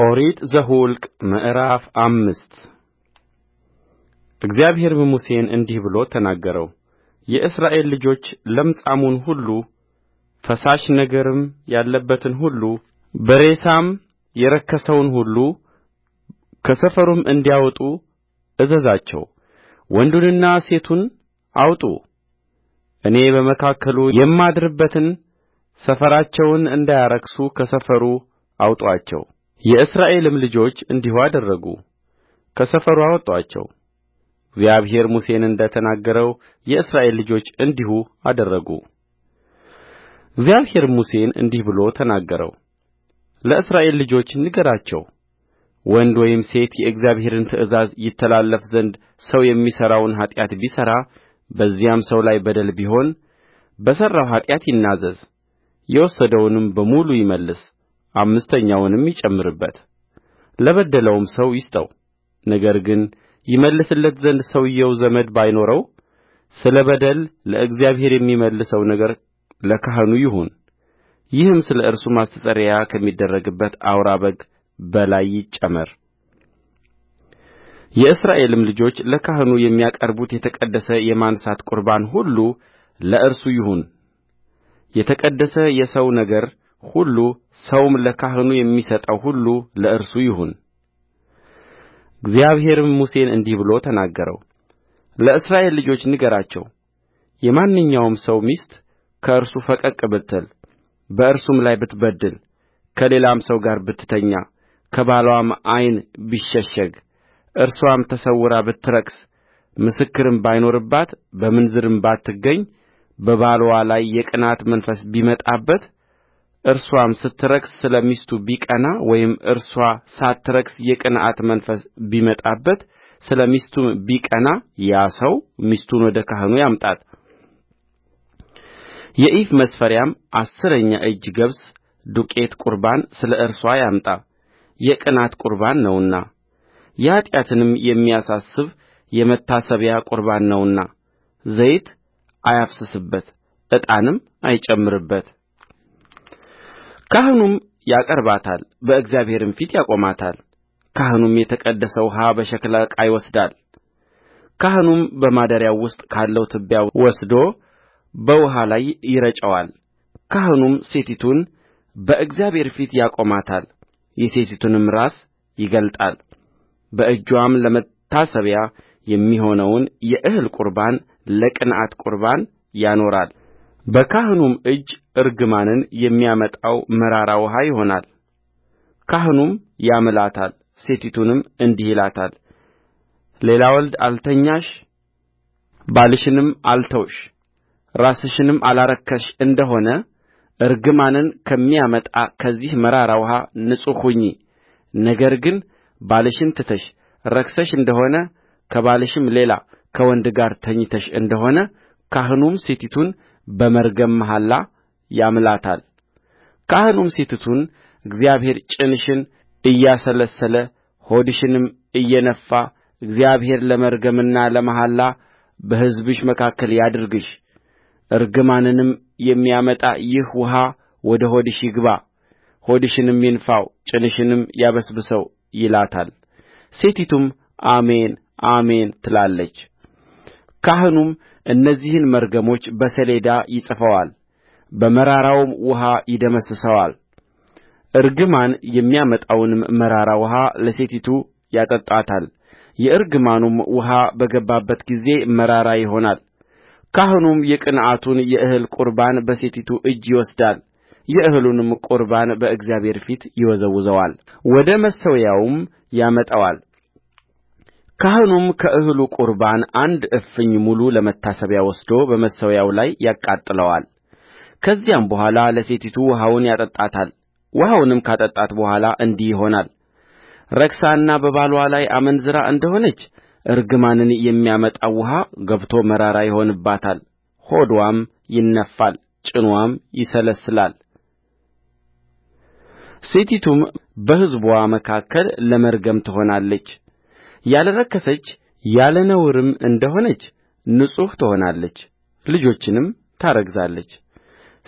ኦሪት ዘኍልቍ ምዕራፍ አምስት እግዚአብሔርም ሙሴን እንዲህ ብሎ ተናገረው የእስራኤል ልጆች ለምጻሙን ሁሉ ፈሳሽ ነገርም ያለበትን ሁሉ በሬሳም የረከሰውን ሁሉ ከሰፈሩም እንዲያወጡ እዘዛቸው ወንዱንና ሴቱን አውጡ እኔ በመካከሉ የማድርበትን ሰፈራቸውን እንዳያረክሱ ከሰፈሩ አውጡአቸው የእስራኤልም ልጆች እንዲሁ አደረጉ ከሰፈሩ አወጡአቸው እግዚአብሔር ሙሴን እንደ ተናገረው የእስራኤል ልጆች እንዲሁ አደረጉእግዚአብሔርም ሙሴን እንዲህ ብሎ ተናገረው ለእስራኤል ልጆች ንገራቸው ወንድ ወይም ሴት የእግዚአብሔርን ትእዛዝ ይተላለፍ ዘንድ ሰው የሚሠራውን ኃጢአት ቢሠራ በዚያም ሰው ላይ በደል ቢሆን በሠራው ኃጢአት ይናዘዝ የወሰደውንም በሙሉ ይመልስ አምስተኛውንም ይጨምርበት ለበደለውም ሰው ይስጠው ነገር ግን ይመልስለት ዘንድ ሰውዮው ዘመድ ባይኖረው ስለ በደል ለእግዚአብሔር የሚመልሰው ነገር ለካህኑ ይሁን ይህም ስለ እርሱ ማስተስረያ ከሚደረግበት አውራ በግ በላይ ይጨመር የእስራኤልም ልጆች ለካህኑ የሚያቀርቡት የተቀደሰ የማንሣት ቍርባን ሁሉ ለእርሱ ይሁን የተቀደሰ የሰው ነገር ሁሉ ሰውም ለካህኑ የሚሰጠው ሁሉ ለእርሱ ይሁን።እግዚአብሔርም ሙሴን እንዲህ ብሎ ተናገረውለእስራኤል ልጆች ንገራቸው የማንኛውም ሰው ሚስት ከእርሱ ፈቀቅ ብትል በእርሱም ላይ ብትበድል ከሌላም ሰው ጋር ብትተኛ ከባሏም ዓይን ቢሸሸግ እርሷም ተሰውራ ብትረክስ ምስክርም ባይኖርባት በምንዝርም ባትገኝ በባልዋ ላይ የቅናት መንፈስ ቢመጣበት እርስዋም ስትረክስ ስለ ሚስቱ ቢቀና ወይም እርስዋ ሳትረክስ የቅንዓት መንፈስ ቢመጣበት ስለ ሚስቱም ቢቀና ያ ሰው ሚስቱን ወደ ካህኑ ያምጣት የኢፍ መስፈሪያም አሥረኛ እጅ ገብስ ዱቄት ቁርባን ስለ እርስዋ ያምጣ የቅንዓት ቁርባን ነውና የኃጢአትንም የሚያሳስብ የመታሰቢያ ቁርባን ነውና ዘይት አያፍስስበት ዕጣንም አይጨምርበት ካህኑም ያቀርባታል በእግዚአብሔርም ፊት ያቆማታልካህኑም የተቀደሰ ውኃ በሸክላ ዕቃ ይወስዳል ካህኑም በማደሪያው ውስጥ ካለው ትቢያ ወስዶ በውኃ ላይ ይረጨዋል ካህኑም ሴቲቱን በእግዚአብሔር ፊት ያቆማታል የሴቲቱንም ራስ ይገልጣል በእጅዋም ለመታሰቢያ የሚሆነውን የእህል ቍርባን ለቅንዓት ቍርባን ያኖራል በካህኑም እጅ እርግማንን የሚያመጣው መራራ ውኃ ይሆናል ካህኑም ያምላታል ሴቲቱንም እንዲህ ይላታል ሌላ ወንድ አልተኛሽ ባልሽንም አልተውሽ ራስሽንም አላረከስሽ እንደሆነ እርግማንን ከሚያመጣ ከዚህ መራራ ውኃ ንጹሕ ሁኚ ነገር ግን ባልሽን ትተሽ ረክሰሽ እንደሆነ ከባልሽም ሌላ ከወንድ ጋር ተኝተሽ እንደሆነ ካህኑም ሴቲቱን በመርገም መሐላ ያምላታል ካህኑም ሴቲቱን እግዚአብሔር ጭንሽን እያሰለሰለ ሆድሽንም እየነፋ እግዚአብሔር ለመርገምና ለመሐላ በሕዝብሽ መካከል ያድርግሽ እርግማንንም የሚያመጣ ይህ ውኃ ወደ ሆድሽ ይግባ ሆድሽንም ይንፋው ጭንሽንም ያበስብሰው ይላታል። ሴቲቱም አሜን አሜን ትላለች። ካህኑም እነዚህን መርገሞች በሰሌዳ ይጽፈዋል በመራራውም ውኃ እርግማን የሚያመጣውንም መራራ ውኃ ለሴቲቱ ያጠጣታል የእርግማኑም ውኃ በገባበት ጊዜ መራራ ይሆናል ካህኑም የቅንዓቱን የእህል ቍርባን በሴቲቱ እጅ ይወስዳል የእህሉንም ቍርባን በእግዚአብሔር ፊት ይወዘውዘዋል ወደ መሠዊያውም ያመጣዋል ካህኑም ከእህሉ ቍርባን አንድ እፍኝ ሙሉ ለመታሰቢያ ወስዶ በመሠዊያው ላይ ያቃጥለዋል። ከዚያም በኋላ ለሴቲቱ ውኃውን ያጠጣታል። ውኃውንም ካጠጣት በኋላ እንዲህ ይሆናል። ረክሳና በባሏ ላይ አመንዝራ እንደሆነች እርግማንን የሚያመጣው ውኃ ገብቶ መራራ ይሆንባታል። ሆድዋም ይነፋል፣ ጭኗም ይሰለስላል። ሴቲቱም በሕዝቧ መካከል ለመርገም ትሆናለች። ያለ ረከሰች ያለ ነውርም እንደ ሆነች ንጹሕ ትሆናለች ልጆችንም ታረግዛለች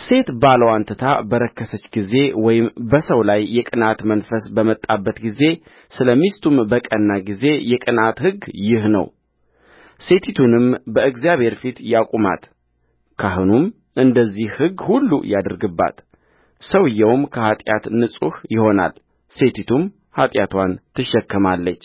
ሴት ባልዋን ትታ በረከሰች ጊዜ ወይም በሰው ላይ የቅንዓት መንፈስ በመጣበት ጊዜ ስለ ሚስቱም በቀና ጊዜ የቅንዓት ሕግ ይህ ነው ሴቲቱንም በእግዚአብሔር ፊት ያቁማት ካህኑም እንደዚህ ሕግ ሁሉ ያድርግባት ሰውዮውም ከኃጢአት ንጹሕ ይሆናል ሴቲቱም ኃጢአትዋን ትሸከማለች